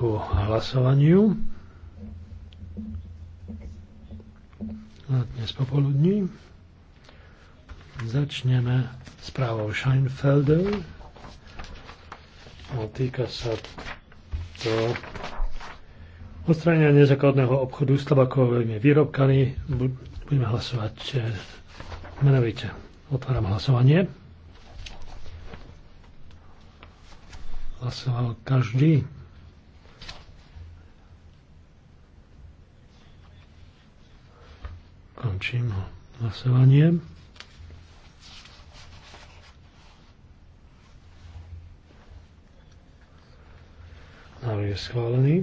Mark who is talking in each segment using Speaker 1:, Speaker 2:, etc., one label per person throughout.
Speaker 1: ku hlasovaniu. A dnes popoludní začneme správou Scheinfeldov. No, týka sa to odstránenia nezakladného obchodu s tabakovými výrobkami. Budeme hlasovať eh, menovite. Otváram hlasovanie. Hlasoval každý. Ukončím hlasovanie. Návrh je schválený.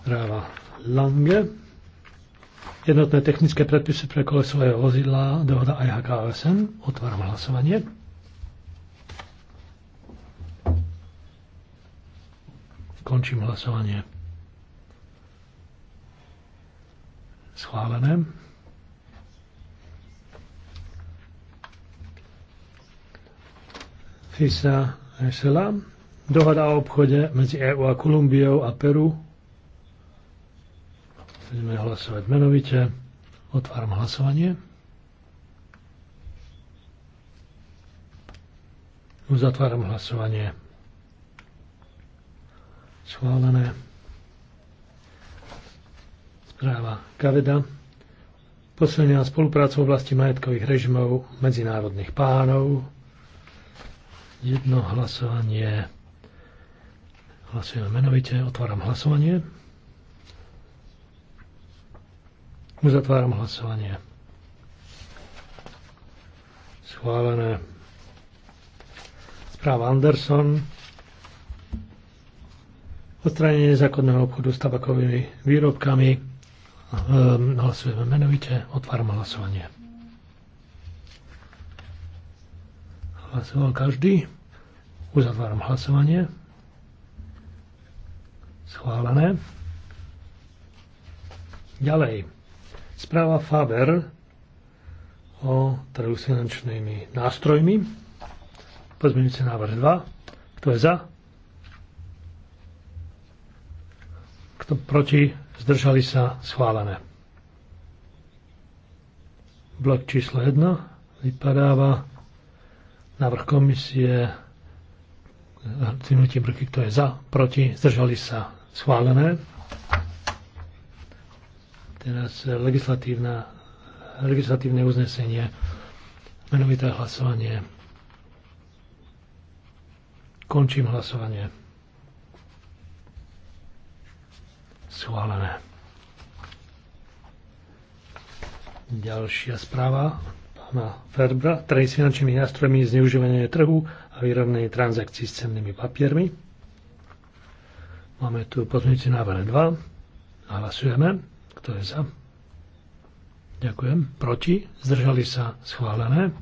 Speaker 1: Správa Lange. Jednotné technické predpisy pre kolesové vozidla dohoda IHKSM. Otváram hlasovanie. Končím hlasovanie. Schválené. FISA Esela. Dohoda o obchode medzi EU a Kolumbiou a Peru. Budeme hlasovať menovite. Otváram hlasovanie. Uzatváram hlasovanie. Schválené. Správa Kaveda Posilnená spolupráca v oblasti majetkových režimov medzinárodných pánov. Jedno hlasovanie. Hlasujeme menovite. Otváram hlasovanie. Uzatváram hlasovanie. Schválené. Správa Anderson. Odstranenie zákonného obchodu s tabakovými výrobkami. Ehm, hlasujeme menovite, otváram hlasovanie. Hlasoval každý. Uzatváram hlasovanie. Schválené. Ďalej. Správa Faber o trhu s finančnými nástrojmi. Pozmeňujúci návrh 2. Kto je za? Kto proti? zdržali sa schválené. Blok číslo 1 vypadáva návrh komisie tým ruky, kto je za, proti, zdržali sa schválené. Teraz legislatívna, legislatívne uznesenie, menovité hlasovanie. Končím hlasovanie. Schválené. Ďalšia správa pána Ferbra. Trade s finančnými nástrojmi zneužívanie trhu a výrobnej transakcií s cennými papiermi. Máme tu pozmeňujúci návrh 2. Hlasujeme. Kto je za? Ďakujem. Proti? Zdržali sa? Schválené.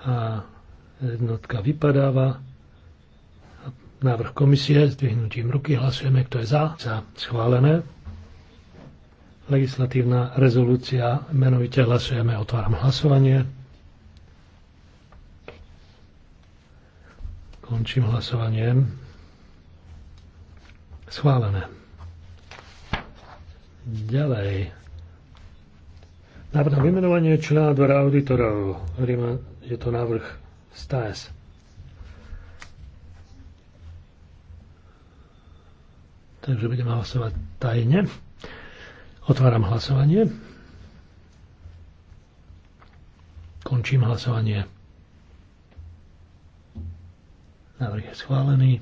Speaker 1: A jednotka vypadáva. Návrh komisie s dvihnutím ruky. Hlasujeme, kto je za. Za schválené. Legislatívna rezolúcia. Menovite hlasujeme. Otváram hlasovanie. Končím hlasovanie. Schválené. Ďalej. Návrh na vymenovanie člena dvora auditorov. Je to návrh STAS. takže budeme hlasovať tajne. Otváram hlasovanie. Končím hlasovanie. Návrh je schválený.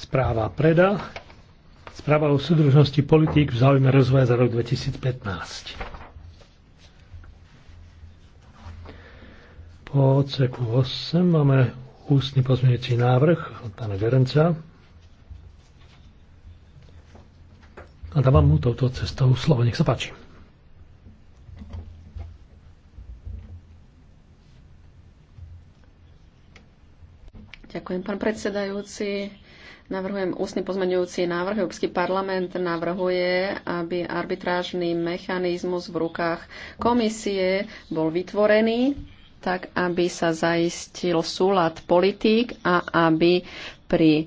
Speaker 1: Správa Preda. Správa o súdružnosti politík v záujme rozvoja za rok 2015. Po odseku 8 máme ústny pozmeňujúci návrh od pána Gerenca. A dávam mu touto cestou slovo. Nech sa páči.
Speaker 2: Ďakujem, pán predsedajúci. Navrhujem ústny pozmeňujúci návrh. Európsky parlament navrhuje, aby arbitrážny mechanizmus v rukách komisie bol vytvorený tak aby sa zaistil súlad politík a aby pri e,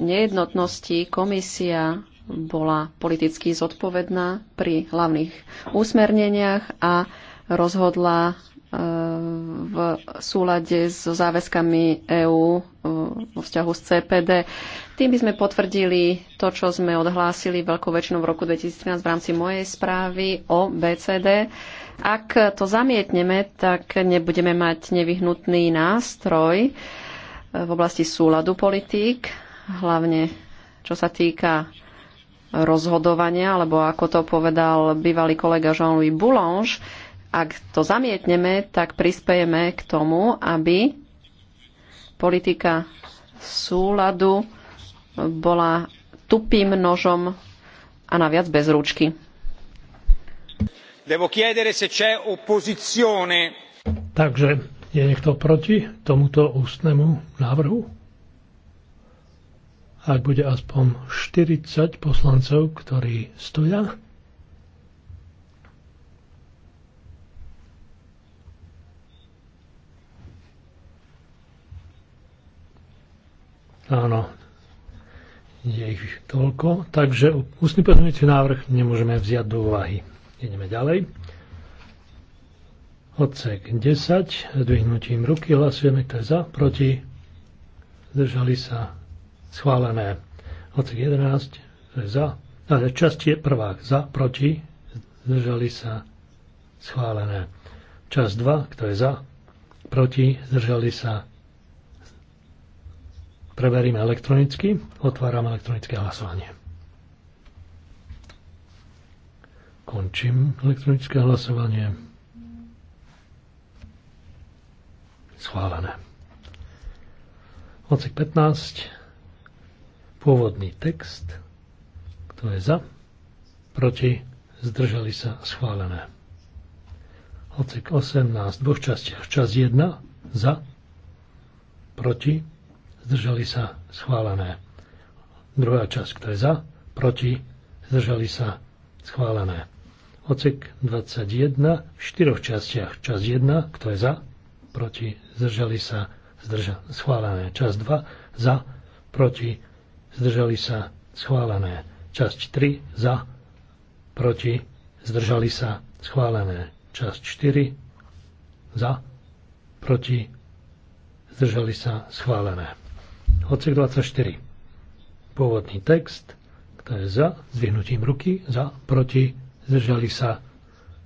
Speaker 2: nejednotnosti komisia bola politicky zodpovedná pri hlavných úsmerneniach a rozhodla v súlade so záväzkami EÚ e, vo vzťahu s CPD. Tým by sme potvrdili to, čo sme odhlásili veľkou väčšinou v roku 2013 v rámci mojej správy o BCD. Ak to zamietneme, tak nebudeme mať nevyhnutný nástroj e, v oblasti súladu politík, hlavne čo sa týka rozhodovania, alebo ako to povedal bývalý kolega Jean-Louis Boulange, ak to zamietneme, tak prispejeme k tomu, aby politika súladu bola tupým nožom a naviac bez ručky. Takže je niekto proti
Speaker 1: tomuto ústnemu návrhu? Ak bude aspoň 40 poslancov, ktorí stoja, Áno, je ich toľko, takže ústny pozmeňujúci návrh nemôžeme vziať do úvahy. Ideme ďalej. Odsek 10, zdvihnutím ruky, hlasujeme, kto je za, proti, zdržali sa, schválené. Odsek 11, kto je za, ale časť je prvá, za, proti, zdržali sa, schválené. Časť 2, kto je za, proti, zdržali sa, Preveríme elektronicky. Otváram elektronické hlasovanie. Končím elektronické hlasovanie. Schválené. Odsek 15. Pôvodný text. Kto je za? Proti? Zdržali sa? Schválené. Odsek 18. V dvoch častiach. Čas 1. Za? Proti? zdržali sa schválené. Druhá časť, kto je za, proti, zdržali sa schválené. Ocek 21 v štyroch častiach. Časť 1, kto je za, proti, zdržali sa zdrža, schválené. Časť 2, za, proti, zdržali sa schválené. Časť 3, za, proti, zdržali sa schválené. Časť 4, za, proti, zdržali sa schválené. Odsek 24. Pôvodný text, kto je za, zvihnutím ruky, za, proti, zdržali sa.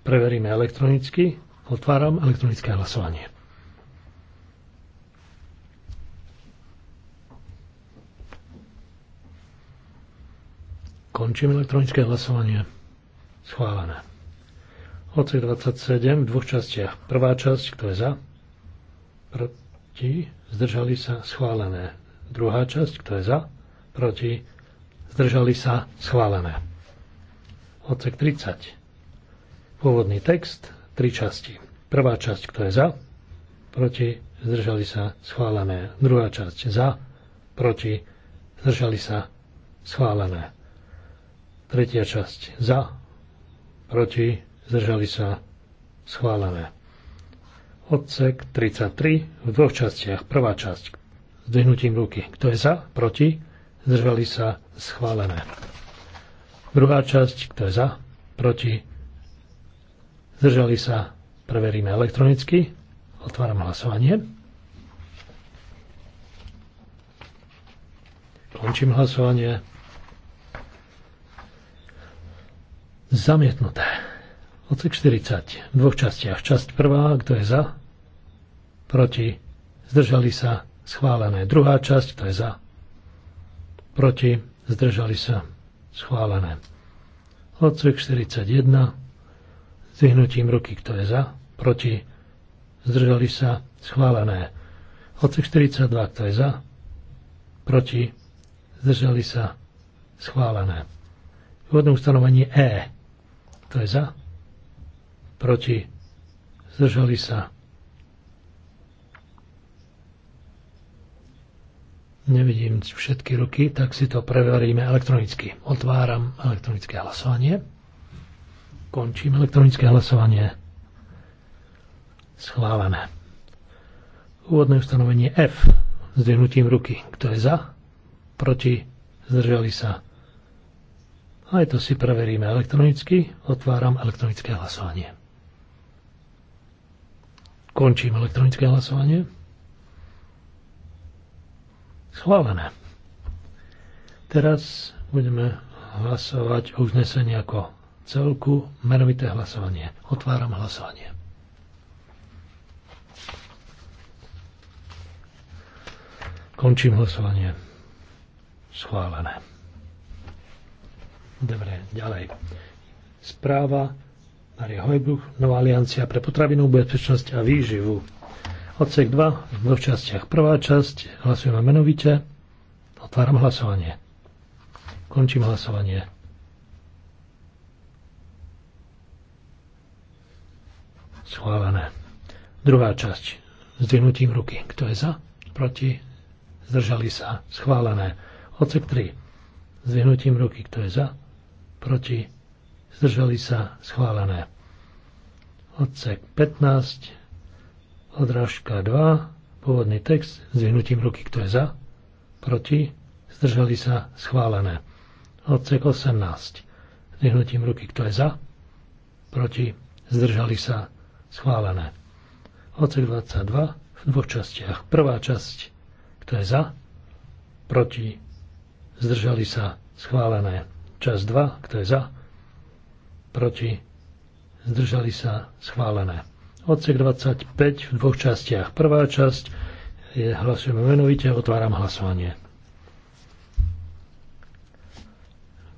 Speaker 1: Preveríme elektronicky. Otváram elektronické hlasovanie. Končím elektronické hlasovanie. Schválené. Odsek 27 v dvoch častiach. Prvá časť, kto je za? Proti? Zdržali sa? Schválené. Druhá časť, kto je za, proti, zdržali sa, schválené. Odsek 30. Pôvodný text, tri časti. Prvá časť, kto je za, proti, zdržali sa, schválené. Druhá časť, za, proti, zdržali sa, schválené. Tretia časť, za, proti, zdržali sa, schválené. Odsek 33 v dvoch častiach. Prvá časť, zdvihnutím ruky. Kto je za? Proti? Zdržali sa? Schválené. Druhá časť. Kto je za? Proti? Zdržali sa? Preveríme elektronicky. Otváram hlasovanie. Končím hlasovanie. Zamietnuté. Odsek 40. V dvoch častiach. Časť prvá. Kto je za? Proti? Zdržali sa? schválené. Druhá časť, to je za, proti, zdržali sa, schválené. Odsek 41, Zvihnutím ruky, kto je za, proti, zdržali sa, schválené. Odsek 42, kto je za, proti, zdržali sa, schválené. Vodné ustanovenie E, to je za, proti, zdržali sa, nevidím všetky ruky, tak si to preveríme elektronicky. Otváram elektronické hlasovanie. Končím elektronické hlasovanie. Schválené. Úvodné ustanovenie F Zdvihnutím ruky. Kto je za? Proti? Zdržali sa? Aj to si preveríme elektronicky. Otváram elektronické hlasovanie. Končím elektronické hlasovanie. Schválené. Teraz budeme hlasovať o uznesení ako celku, menovité hlasovanie. Otváram hlasovanie. Končím hlasovanie. Schválené. Dobre, ďalej. Správa Marie Hojbuch, Nová aliancia pre potravinovú bezpečnosť a výživu. Odsek 2 v dvoch častiach. Prvá časť hlasujeme menovite. Otváram hlasovanie. Končím hlasovanie. Schválené. Druhá časť. Zdvihnutím ruky. Kto je za? Proti? Zdržali sa. Schválené. Odsek 3. Zdvihnutím ruky. Kto je za? Proti? Zdržali sa. Schválené. Odsek 15. Odrážka 2, pôvodný text, vyhnutím ruky, kto je za, proti, zdržali sa, schválené. Odsek 18, vyhnutím ruky, kto je za, proti, zdržali sa, schválené. Odsek 22, v dvoch častiach. Prvá časť, kto je za, proti, zdržali sa, schválené. Časť 2, kto je za, proti, zdržali sa, schválené. Odsek 25 v dvoch častiach. Prvá časť je, hlasujeme menovite, otváram hlasovanie.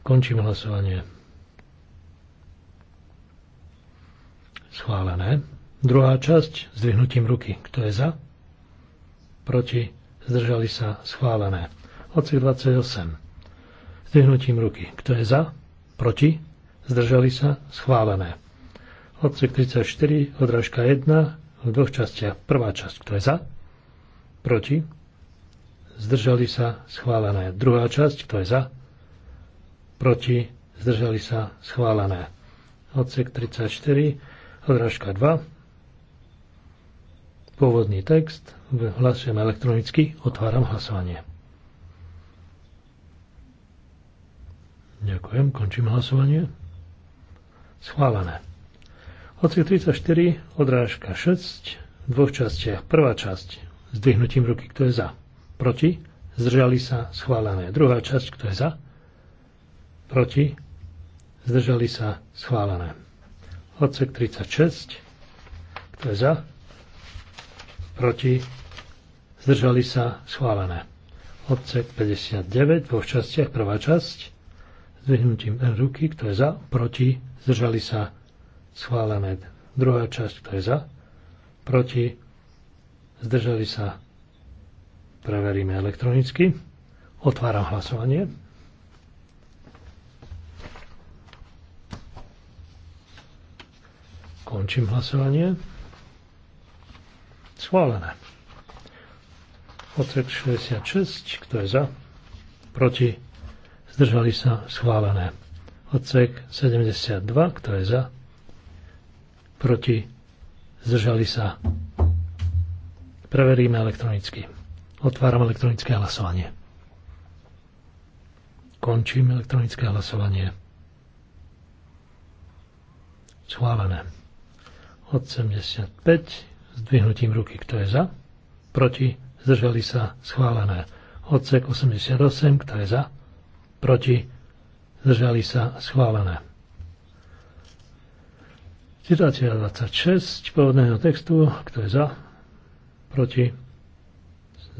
Speaker 1: Končím hlasovanie. Schválené. Druhá časť s ruky. Kto je za? Proti? Zdržali sa? Schválené. Odsek 28. Zdvihnutím ruky. Kto je za? Proti? Zdržali sa? Schválené. Odsek 34, odrážka 1, v dvoch častiach. Prvá časť, kto je za, proti, zdržali sa, schválené. Druhá časť, kto je za, proti, zdržali sa, schválené. Odsek 34, odrážka 2, pôvodný text, hlasujem elektronicky, otváram hlasovanie. Ďakujem, končím hlasovanie. Schválené. Oci 34, odrážka 6, v dvoch častiach. Prvá časť, zdvihnutím ruky, kto je za. Proti, zdržali sa, schválené. Druhá časť, kto je za. Proti, zdržali sa, schválené. Odsek 36, kto je za. Proti, zdržali sa, schválené. Odsek 59, v dvoch častiach, prvá časť, zdvihnutím ruky, kto je za. Proti, zdržali sa, Schválené. Druhá časť, kto je za? Proti? Zdržali sa? Preveríme elektronicky. Otváram hlasovanie. Končím hlasovanie. Schválené. Odsek 66, kto je za? Proti? Zdržali sa? Schválené. Odsek 72, kto je za? proti, zdržali sa. Preveríme elektronicky. Otváram elektronické hlasovanie. Končím elektronické hlasovanie. Schválené. Od 75 zdvihnutím ruky, kto je za. Proti, zdržali sa. Schválené. Odsek 88, kto je za. Proti, zdržali sa. Schválené. Citácia 26 pôvodného textu, kto je za, proti,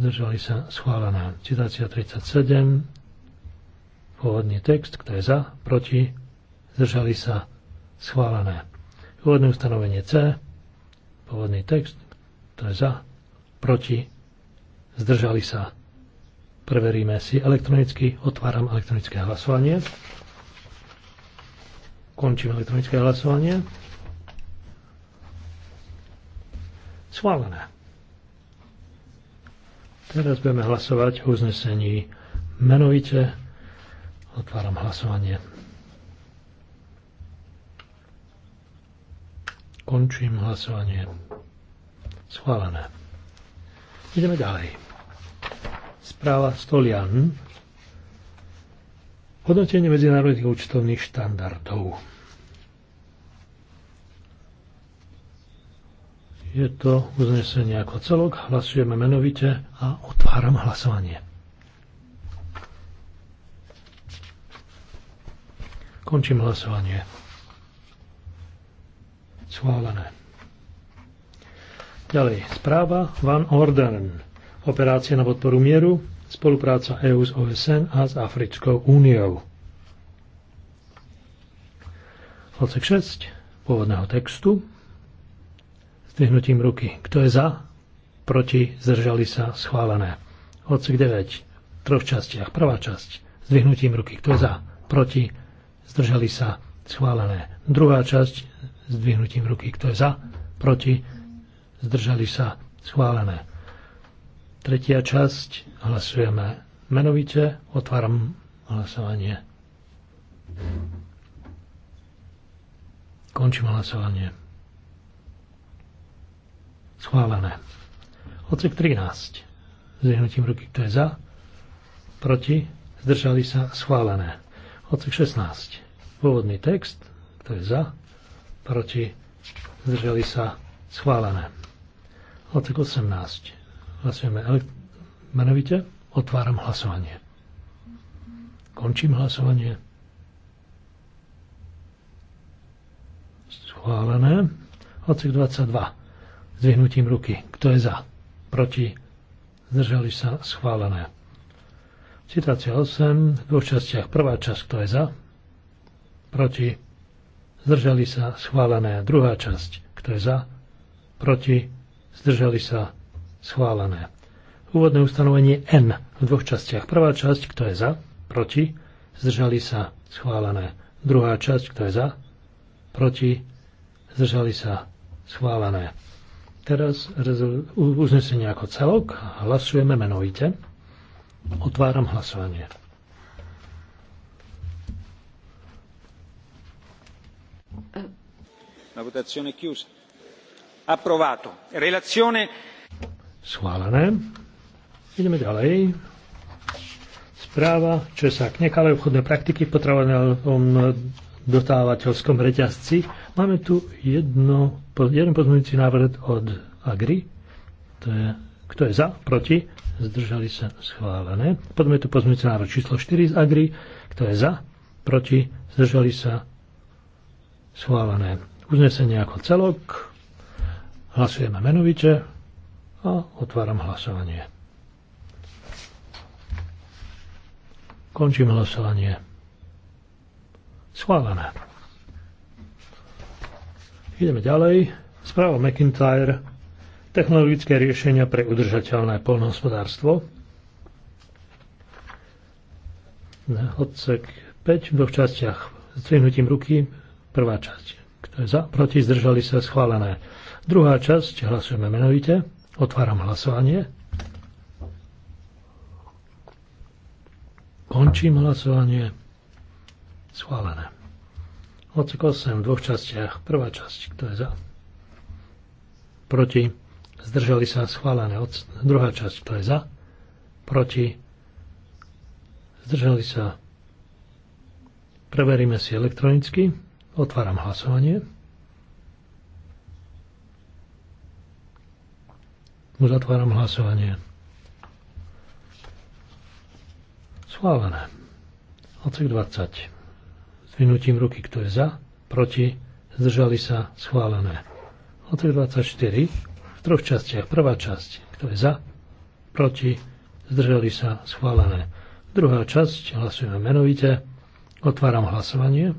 Speaker 1: zdržali sa, schválená. Citácia 37, pôvodný text, kto je za, proti, zdržali sa, schválené. Úvodné ustanovenie C, pôvodný text, kto je za, proti, zdržali sa. Preveríme si elektronicky, otváram elektronické hlasovanie. Končím elektronické hlasovanie. Schválené. Teraz budeme hlasovať o uznesení menovite. Otváram hlasovanie. Končím hlasovanie. Schválené. Ideme ďalej. Správa Stolian. Hodnotenie medzinárodných účtovných štandardov. Je to uznesenie ako celok. Hlasujeme menovite a otváram hlasovanie. Končím hlasovanie. Schválené. Ďalej. Správa Van Orden. Operácie na podporu mieru, spolupráca EU s OSN a s Africkou úniou. Odsek 6 pôvodného textu zdvihnutím ruky. Kto je za? Proti? Zdržali sa? Schválené. Odsek 9. V troch častiach. Prvá časť. Zdvihnutím ruky. Kto je za? Proti? Zdržali sa? Schválené. Druhá časť. Zdvihnutím ruky. Kto je za? Proti? Zdržali sa? Schválené. Tretia časť. Hlasujeme menovite. Otváram hlasovanie. Končím hlasovanie. Schválené. Odsek 13. Zvihnutím ruky, kto je za. Proti. Zdržali sa. Schválené. Odsek 16. Pôvodný text. Kto je za. Proti. Zdržali sa. Schválené. Odsek 18. Hlasujeme menovite. Otváram hlasovanie. Končím hlasovanie. Schválené. Odsek 22 zdvihnutím ruky. Kto je za? Proti? Zdržali sa? Schválené. Citácia 8 v dvoch častiach. Prvá časť, kto je za? Proti? Zdržali sa? Schválené. Druhá časť, kto je za? Proti? Zdržali sa? Schválené. Úvodné ustanovenie N v dvoch častiach. Prvá časť, kto je za? Proti? Zdržali sa? Schválené. Druhá časť, kto je za? Proti? Zdržali sa? Schválené. Teraz uznesenie ako celok. Hlasujeme menovite. Otváram hlasovanie. La votazione chiusa. Approvato. Relazione. Schválené. Ideme ďalej. Správa, čo sa k nekalej obchodnej praktiky v potravenom dotávateľskom reťazci. Máme tu jedno jeden pozmeňujúci návrh od Agri, to je, kto je za, proti, zdržali sa schválené. Potom je tu pozmeňujúci návrh číslo 4 z Agri, kto je za, proti, zdržali sa schválené. Uznesenie ako celok, hlasujeme menovite a otváram hlasovanie. Končím hlasovanie. Schválené. Ideme ďalej. Správa McIntyre. Technologické riešenia pre udržateľné polnohospodárstvo. Odsek 5 v dvoch častiach. trinutím ruky. Prvá časť. Kto je za? Proti? Zdržali sa? Schválené. Druhá časť. Hlasujeme menovite. Otváram hlasovanie. Končím hlasovanie. Schválené. Odsek 8 v dvoch častiach. Prvá časť, kto je za? Proti. Zdržali sa schválené. Od... druhá časť, kto je za? Proti. Zdržali sa. Preveríme si elektronicky. Otváram hlasovanie. Uzatváram hlasovanie. Schválené. Odsek 20. Zvinutím ruky, kto je za, proti, zdržali sa, schválené. Odsek 24 v troch častiach. Prvá časť, kto je za, proti, zdržali sa, schválené. Druhá časť, hlasujeme menovite. Otváram hlasovanie.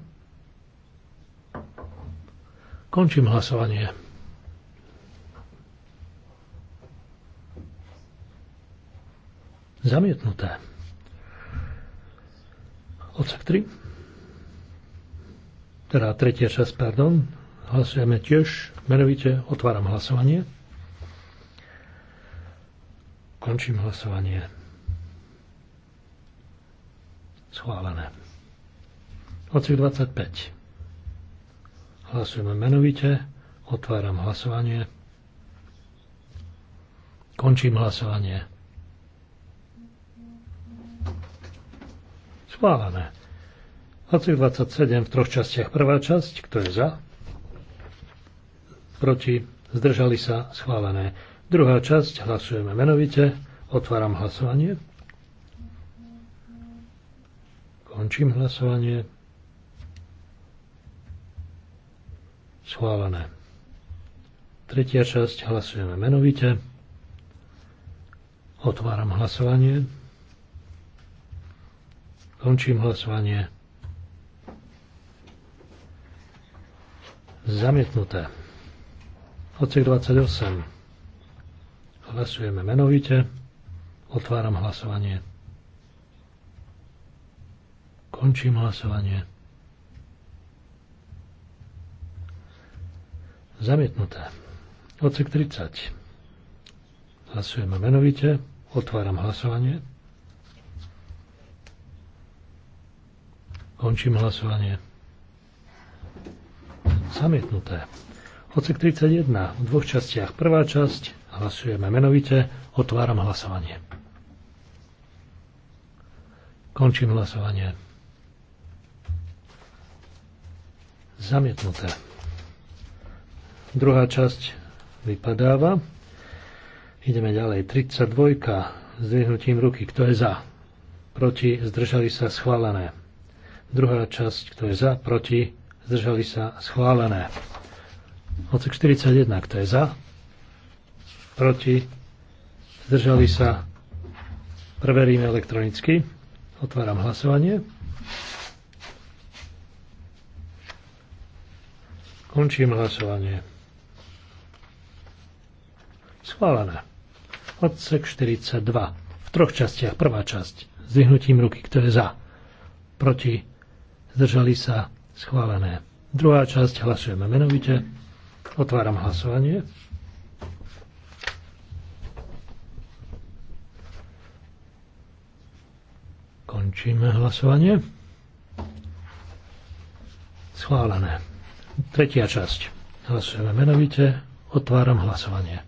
Speaker 1: Končím hlasovanie. Zamietnuté. Odsek 3 teda tretia časť, pardon, hlasujeme tiež, menovite otváram hlasovanie. Končím hlasovanie. Schválené. Odsek 25. Hlasujeme menovite, otváram hlasovanie. Končím hlasovanie. Schválené. 27 v troch častiach. Prvá časť, kto je za? Proti? Zdržali sa? Schválené. Druhá časť, hlasujeme menovite. Otváram hlasovanie. Končím hlasovanie. Schválené. Tretia časť, hlasujeme menovite. Otváram hlasovanie. Končím hlasovanie. Zamietnuté. Odsek 28. Hlasujeme menovite. Otváram hlasovanie. Končím hlasovanie. Zamietnuté. Odsek 30. Hlasujeme menovite. Otváram hlasovanie. Končím hlasovanie zamietnuté. Odsek 31 v dvoch častiach. Prvá časť, hlasujeme menovite, otváram hlasovanie. Končím hlasovanie. Zamietnuté. Druhá časť vypadáva. Ideme ďalej. 32. Zdvihnutím ruky. Kto je za? Proti. Zdržali sa schválené. Druhá časť. Kto je za? Proti zdržali sa schválené. Odsek 41, kto je za, proti, zdržali sa, preveríme elektronicky. Otváram hlasovanie. Končím hlasovanie. Schválené. Odsek 42. V troch častiach. Prvá časť. Zdvihnutím ruky. Kto je za? Proti? Zdržali sa? Schválené. Druhá časť hlasujeme menovite. Otváram hlasovanie. Končíme hlasovanie. Schválené. Tretia časť. Hlasujeme menovite. Otváram hlasovanie.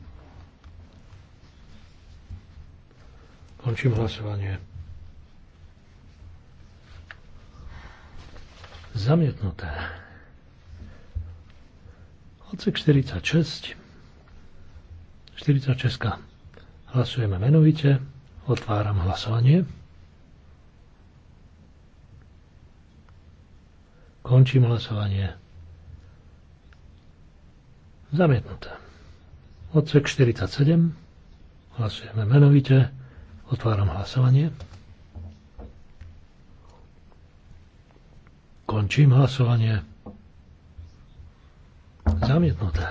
Speaker 1: Končím hlasovanie. Zamietnuté. Odsek 46. 46. Hlasujeme menovite. Otváram hlasovanie. Končím hlasovanie. Zamietnuté. Odsek 47. Hlasujeme menovite. Otváram hlasovanie. Končím hlasovanie. Zamietnuté.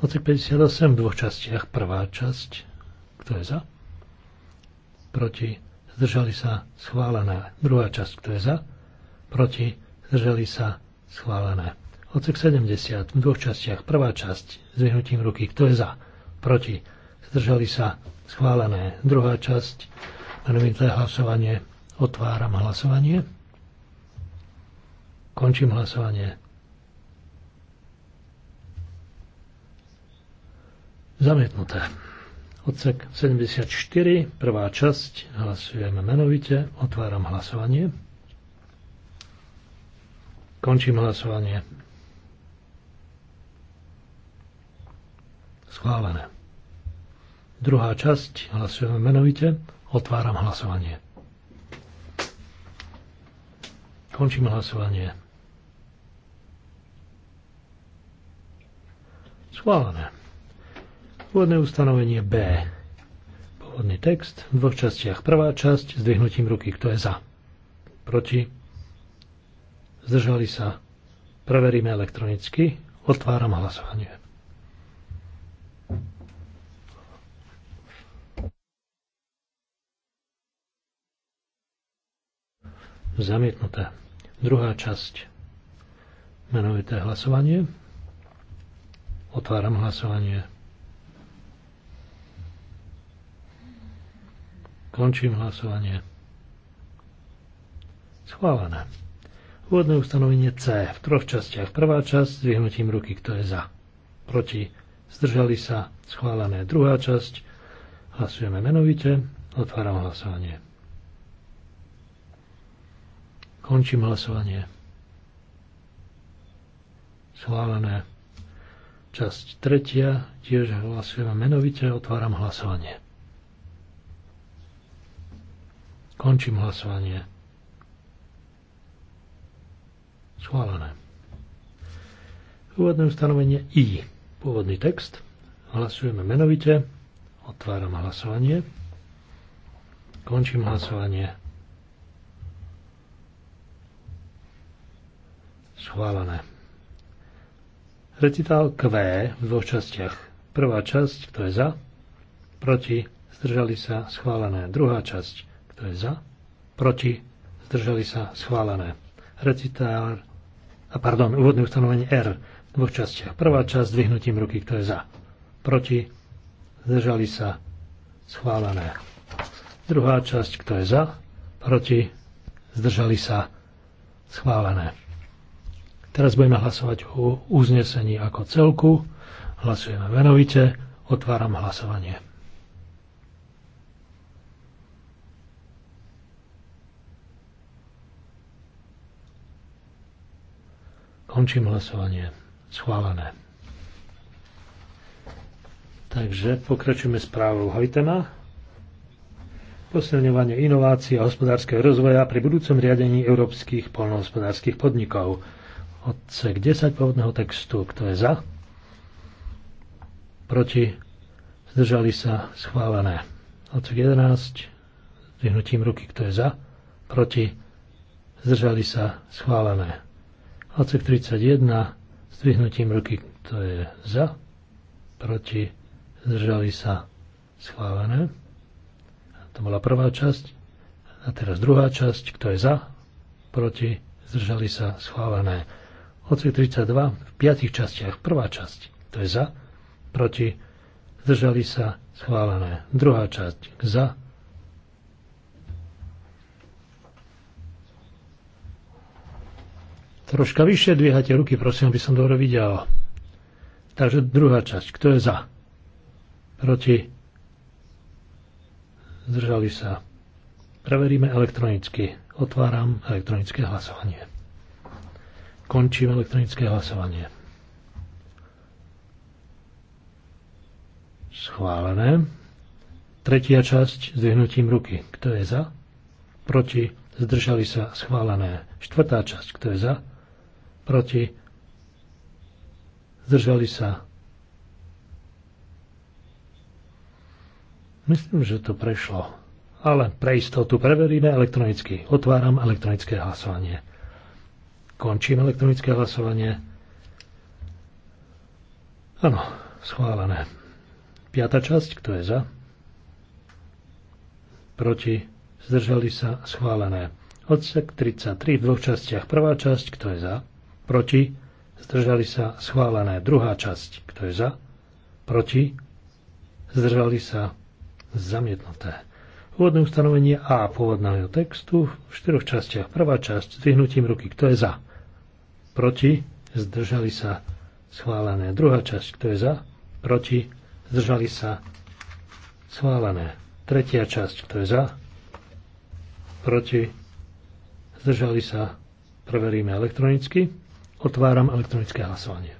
Speaker 1: Odsek 58 v dvoch častiach. Prvá časť. Kto je za? Proti. Zdržali sa. Schválené. Druhá časť. Kto je za? Proti. Zdržali sa. Schválené. Odsek 70 v dvoch častiach. Prvá časť. Zvihnutím ruky. Kto je za? Proti. Zdržali sa. Schválené. Druhá časť. Menovité hlasovanie. Otváram hlasovanie. Končím hlasovanie. Zamietnuté. Odsek 74, prvá časť, hlasujeme menovite, otváram hlasovanie. Končím hlasovanie. Schválené. Druhá časť, hlasujeme menovite, otváram hlasovanie. Končím hlasovanie. Schválené. Úvodné ustanovenie B. Pôvodný text v dvoch častiach. Prvá časť s dvihnutím ruky. Kto je za? Proti? Zdržali sa? Preveríme elektronicky. Otváram hlasovanie. Zamietnuté. Druhá časť. Menovité hlasovanie. Otváram hlasovanie. Končím hlasovanie. Schválené. Úvodné ustanovenie C v troch častiach. Prvá časť s vyhnutím ruky, kto je za. Proti. Zdržali sa. Schválené. Druhá časť. Hlasujeme menovite. Otváram hlasovanie. Končím hlasovanie. Schválené. Časť tretia, tiež hlasujeme menovite, otváram hlasovanie. Končím hlasovanie. Schválené. Úvodné ustanovenie I. Pôvodný text. Hlasujeme menovite. Otváram hlasovanie. Končím hlasovanie. Schválené. Recital Q v dvoch častiach. Prvá časť, kto je za, proti, zdržali sa, schválené. Druhá časť, kto je za, proti, zdržali sa, schválené. Recitál, a pardon, úvodné ustanovenie R v dvoch častiach. Prvá časť, dvihnutím ruky, kto je za, proti, zdržali sa, schválené. Druhá časť, kto je za, proti, zdržali sa, schválené. Teraz budeme hlasovať o uznesení ako celku. Hlasujeme venovite. Otváram hlasovanie. Končím hlasovanie. Schválené. Takže pokračujeme správou Hojtema. Posilňovanie inovácií a hospodárskeho rozvoja pri budúcom riadení európskych polnohospodárskych podnikov odsek 10 pôvodného textu. Kto je za? Proti? Zdržali sa schválené. Odsek 11 zdvihnutím ruky. Kto je za? Proti? Zdržali sa schválené. Odsek 31 zdvihnutím ruky. Kto je za? Proti? Zdržali sa schválené. To bola prvá časť. A teraz druhá časť. Kto je za? Proti? Zdržali sa schválené odsek 32 v piatich častiach. Prvá časť, to je za, proti, zdržali sa, schválené. Druhá časť, za, Troška vyššie dvíhate ruky, prosím, aby som dobre videl. Takže druhá časť. Kto je za? Proti? Zdržali sa. Preveríme elektronicky. Otváram elektronické hlasovanie. Končím elektronické hlasovanie. Schválené. Tretia časť s vyhnutím ruky. Kto je za? Proti. Zdržali sa. Schválené. Štvrtá časť. Kto je za? Proti. Zdržali sa. Myslím, že to prešlo. Ale pre istotu preveríme elektronicky. Otváram elektronické hlasovanie. Končím elektronické hlasovanie. Áno, schválené. Piatá časť, kto je za? Proti, zdržali sa, schválené. Odsek 33 v dvoch častiach. Prvá časť, kto je za? Proti, zdržali sa, schválené. Druhá časť, kto je za? Proti, zdržali sa, zamietnuté. Úvodné ustanovenie A pôvodného textu v štyroch častiach. Prvá časť, vyhnutím ruky, kto je za? proti, zdržali sa schválené. Druhá časť, kto je za, proti, zdržali sa schválené. Tretia časť, kto je za, proti, zdržali sa, preveríme elektronicky. Otváram elektronické hlasovanie.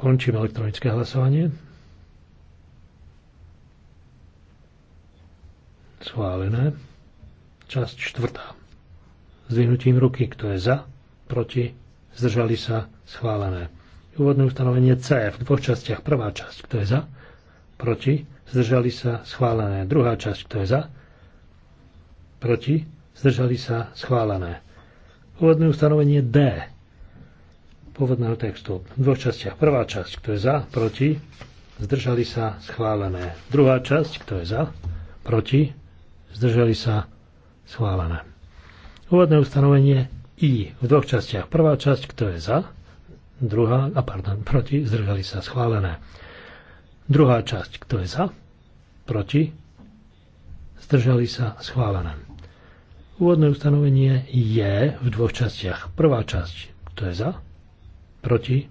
Speaker 1: Končím elektronické hlasovanie. Schválené. Časť čtvrtá zdvihnutím ruky. Kto je za? Proti? Zdržali sa? Schválené. Úvodné ustanovenie C v dvoch častiach. Prvá časť. Kto je za? Proti? Zdržali sa? Schválené. Druhá časť. Kto je za? Proti? Zdržali sa? Schválené. Úvodné ustanovenie D pôvodného textu v dvoch častiach. Prvá časť, kto je za, proti, zdržali sa, schválené. Druhá časť, kto je za, proti, zdržali sa, schválené. Úvodné ustanovenie I v dvoch častiach. Prvá časť, kto je za, druhá, a pardon, proti, zdržali sa schválené. Druhá časť, kto je za, proti, zdržali sa schválené. Úvodné ustanovenie je v dvoch častiach. Prvá časť, kto je za, proti,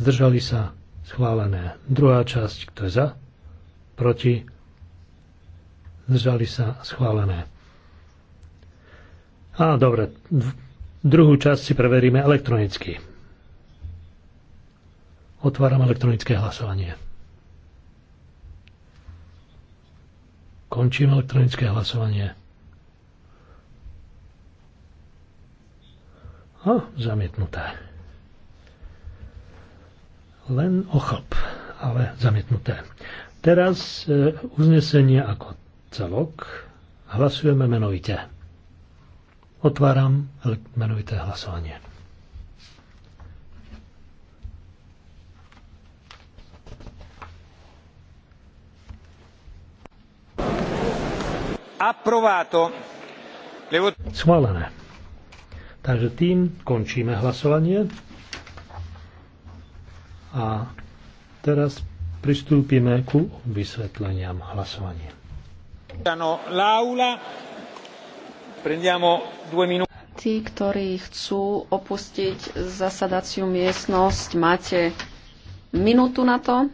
Speaker 1: zdržali sa schválené. Druhá časť, kto je za, proti, zdržali sa schválené. A dobre. Druhú časť si preveríme elektronicky. Otváram elektronické hlasovanie. Končím elektronické hlasovanie. A zamietnuté. Len ochop, ale zamietnuté. Teraz e, uznesenie ako celok hlasujeme menovite. Otváram menovité hlasovanie. Approvato. Schválené. Takže tým končíme hlasovanie. A teraz pristúpime ku vysvetleniam hlasovania.
Speaker 2: L'aula Tí, ktorí chcú opustiť zasadaciu miestnosť, máte minútu na to.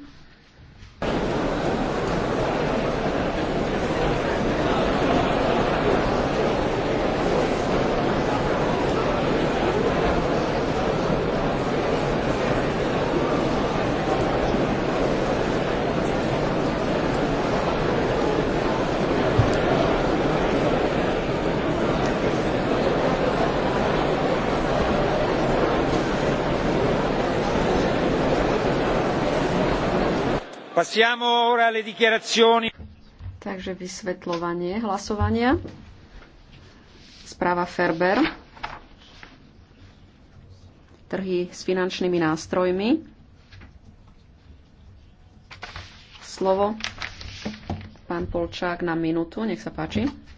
Speaker 2: Takže vysvetľovanie hlasovania. Správa Ferber. Trhy s finančnými nástrojmi. Slovo. Pán Polčák na minútu, nech sa páči.